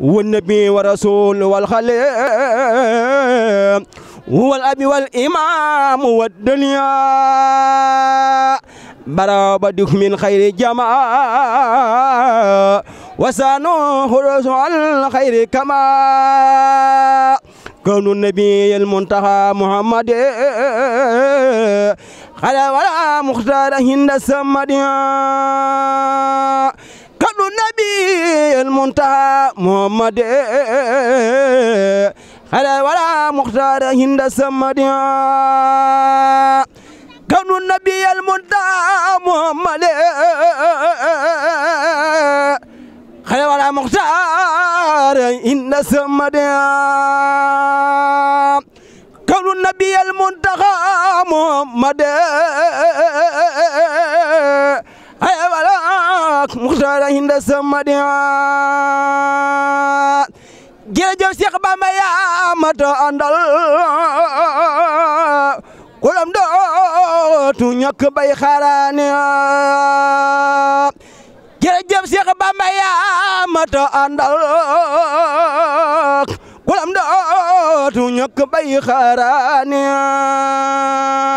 والنبي ورسول والخليل هو الأب والإمام والدنيا برابدك من خير جماع وسانوه رسول الخير كما كون النبي المنتهى محمد خلا ولا مختار هند السمد كون muntaha muhammad xale wala muxtaar hinda samadi kawnu nabi al muntaha muhammad xale wala muxtaar hinda samadi kawnu nabi al muntaha muhammad ak muxtaara hinda samadi jërëjëf Seex Bamba yaa mata àndal kulam dootu ñàkk bay xaaraane jërëjëf Seex Bamba yaa mata àndal kulam dootu ñàkk bay xaaraane